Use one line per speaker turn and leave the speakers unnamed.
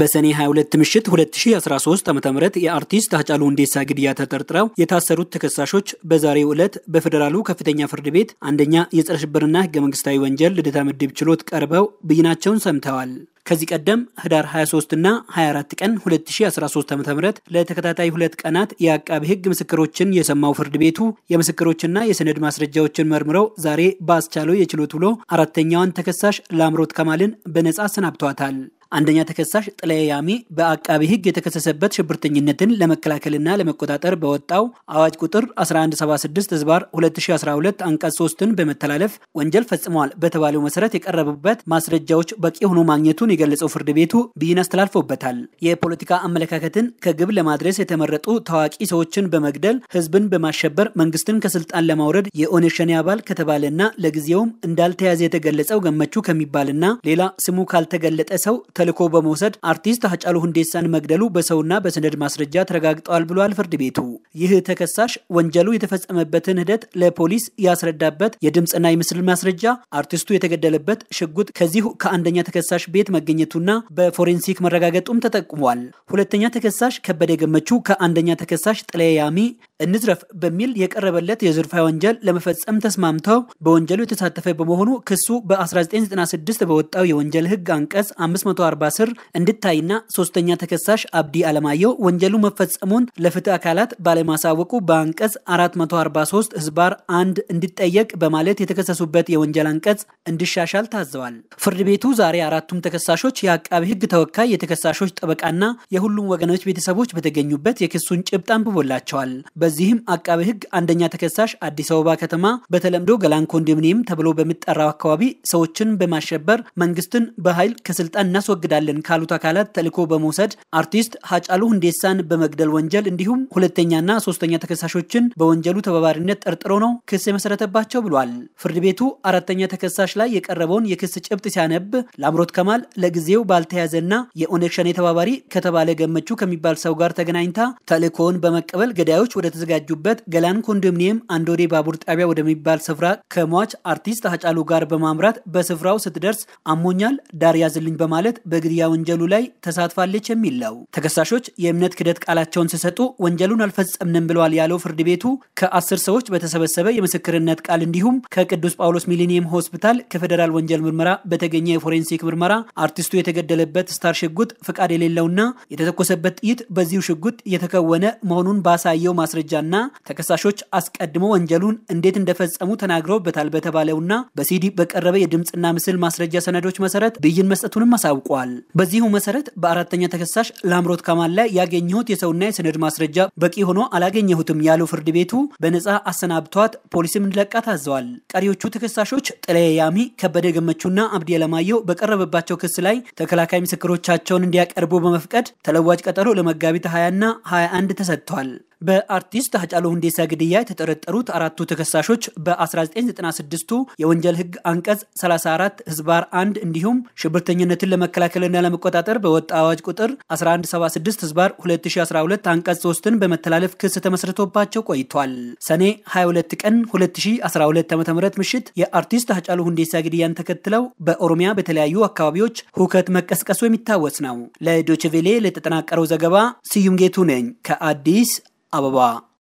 በሰኔ 22 ምሽት 2013 ዓ ም የአርቲስት ሃጫሉ ሁንዴሳ ግድያ ተጠርጥረው የታሰሩት ተከሳሾች በዛሬው ዕለት በፌዴራሉ ከፍተኛ ፍርድ ቤት አንደኛ የጸረ ሽብርና ህገ መንግስታዊ ወንጀል ልደታ ምድብ ችሎት ቀርበው ብይናቸውን ሰምተዋል። ከዚህ ቀደም ህዳር 23 እና 24 ቀን 2013 ዓ ም ለተከታታይ ሁለት ቀናት የአቃቢ ህግ ምስክሮችን የሰማው ፍርድ ቤቱ የምስክሮችና የሰነድ ማስረጃዎችን መርምረው ዛሬ ባስቻለው የችሎት ውሎ አራተኛዋን ተከሳሽ ላምሮት ከማልን በነጻ አሰናብቷታል። አንደኛ ተከሳሽ ጥላዬ ያሜ በአቃቢ ሕግ የተከሰሰበት ሽብርተኝነትን ለመከላከልና ለመቆጣጠር በወጣው አዋጅ ቁጥር 1176 ህዝባር 2012 አንቀጽ 3ን በመተላለፍ ወንጀል ፈጽመዋል በተባለው መሰረት የቀረቡበት ማስረጃዎች በቂ ሆኖ ማግኘቱን የገለጸው ፍርድ ቤቱ ብይን አስተላልፎበታል። የፖለቲካ አመለካከትን ከግብ ለማድረስ የተመረጡ ታዋቂ ሰዎችን በመግደል ህዝብን በማሸበር መንግስትን ከስልጣን ለማውረድ የኦነግ ሸኔ አባል ከተባለና ለጊዜውም እንዳልተያዘ የተገለጸው ገመቹ ከሚባልና ሌላ ስሙ ካልተገለጠ ሰው ተልዕኮ በመውሰድ አርቲስት ሃጫሉ ሁንዴሳን መግደሉ በሰውና በሰነድ ማስረጃ ተረጋግጠዋል ብሏል ፍርድ ቤቱ። ይህ ተከሳሽ ወንጀሉ የተፈጸመበትን ሂደት ለፖሊስ ያስረዳበት የድምፅና የምስል ማስረጃ፣ አርቲስቱ የተገደለበት ሽጉጥ ከዚሁ ከአንደኛ ተከሳሽ ቤት መገኘቱና በፎሬንሲክ መረጋገጡም ተጠቁሟል። ሁለተኛ ተከሳሽ ከበደ ገመቹ ከአንደኛ ተከሳሽ ጥለያሚ እንዝረፍ በሚል የቀረበለት የዝርፊያ ወንጀል ለመፈጸም ተስማምተው በወንጀሉ የተሳተፈ በመሆኑ ክሱ በ1996 በወጣው የወንጀል ሕግ አንቀጽ 540 ስር እንድታይና ሶስተኛ ተከሳሽ አብዲ አለማየሁ ወንጀሉ መፈጸሙን ለፍትህ አካላት ባለማሳወቁ በአንቀጽ 443 ህዝባር አንድ እንዲጠየቅ በማለት የተከሰሱበት የወንጀል አንቀጽ እንዲሻሻል ታዘዋል። ፍርድ ቤቱ ዛሬ አራቱም ተከሳሾች የአቃቢ ሕግ ተወካይ፣ የተከሳሾች ጠበቃና የሁሉም ወገኖች ቤተሰቦች በተገኙበት የክሱን ጭብጥ አንብቦላቸዋል። በዚህም አቃቤ ሕግ አንደኛ ተከሳሽ አዲስ አበባ ከተማ በተለምዶ ገላን ኮንዶሚኒየም ተብሎ በሚጠራው አካባቢ ሰዎችን በማሸበር መንግስትን በኃይል ከስልጣን እናስወግዳለን ካሉት አካላት ተልዕኮ በመውሰድ አርቲስት ሀጫሉ ሁንዴሳን በመግደል ወንጀል እንዲሁም ሁለተኛና ሶስተኛ ተከሳሾችን በወንጀሉ ተባባሪነት ጠርጥሮ ነው ክስ የመሰረተባቸው ብሏል። ፍርድ ቤቱ አራተኛ ተከሳሽ ላይ የቀረበውን የክስ ጭብጥ ሲያነብ ለአምሮት ከማል ለጊዜው ባልተያዘና የኦነግ ሸኔ ተባባሪ ከተባለ ገመቹ ከሚባል ሰው ጋር ተገናኝታ ተልዕኮውን በመቀበል ገዳዮች ወደ ከተዘጋጁበት ገላን ኮንዶሚኒየም አንዶዴ ባቡር ጣቢያ ወደሚባል ስፍራ ከሟች አርቲስት ሀጫሉ ጋር በማምራት በስፍራው ስትደርስ አሞኛል ዳር ያዝልኝ በማለት በግድያ ወንጀሉ ላይ ተሳትፋለች የሚል ነው። ተከሳሾች የእምነት ክደት ቃላቸውን ሲሰጡ ወንጀሉን አልፈጸምንም ብለዋል ያለው ፍርድ ቤቱ ከአስር ሰዎች በተሰበሰበ የምስክርነት ቃል እንዲሁም ከቅዱስ ጳውሎስ ሚሊኒየም ሆስፒታል ከፌዴራል ወንጀል ምርመራ በተገኘ የፎሬንሲክ ምርመራ አርቲስቱ የተገደለበት ስታር ሽጉጥ ፍቃድ የሌለውና የተተኮሰበት ጥይት በዚሁ ሽጉጥ የተከወነ መሆኑን ባሳየው ማስረ ማስረጃና ተከሳሾች አስቀድሞ ወንጀሉን እንዴት እንደፈጸሙ ተናግረውበታል በተባለውና በሲዲ በቀረበ የድምፅና ምስል ማስረጃ ሰነዶች መሰረት ብይን መስጠቱንም አሳውቋል። በዚሁ መሰረት በአራተኛ ተከሳሽ ላምሮት ካማል ላይ ያገኘሁት የሰውና የሰነድ ማስረጃ በቂ ሆኖ አላገኘሁትም ያለው ፍርድ ቤቱ በነፃ አሰናብቷት ፖሊስም እንዲለቃ ታዘዋል። ቀሪዎቹ ተከሳሾች ጥለያሚ ያሚ፣ ከበደ ገመቹና አብዲ አለማየሁ በቀረበባቸው ክስ ላይ ተከላካይ ምስክሮቻቸውን እንዲያቀርቡ በመፍቀድ ተለዋጭ ቀጠሮ ለመጋቢት 20ና 21 ተሰጥቷል። በአርቲስት ሀጫሎ ሁንዴሳ ግድያ የተጠረጠሩት አራቱ ተከሳሾች በ1996ቱ የወንጀል ህግ አንቀጽ 34 ህዝባር 1 እንዲሁም ሽብርተኝነትን ለመከላከልና ለመቆጣጠር በወጣ አዋጅ ቁጥር 1176 ህዝባር 2012 አንቀጽ 3ን በመተላለፍ ክስ ተመስርቶባቸው ቆይቷል። ሰኔ 22 ቀን 2012 ዓ.ም ምሽት የአርቲስት ሀጫሎ ሁንዴሳ ግድያን ተከትለው በኦሮሚያ በተለያዩ አካባቢዎች ሁከት መቀስቀሱ የሚታወስ ነው። ለዶችቬሌ ለተጠናቀረው ዘገባ ስዩም ጌቱ ነኝ ከአዲስ അബബ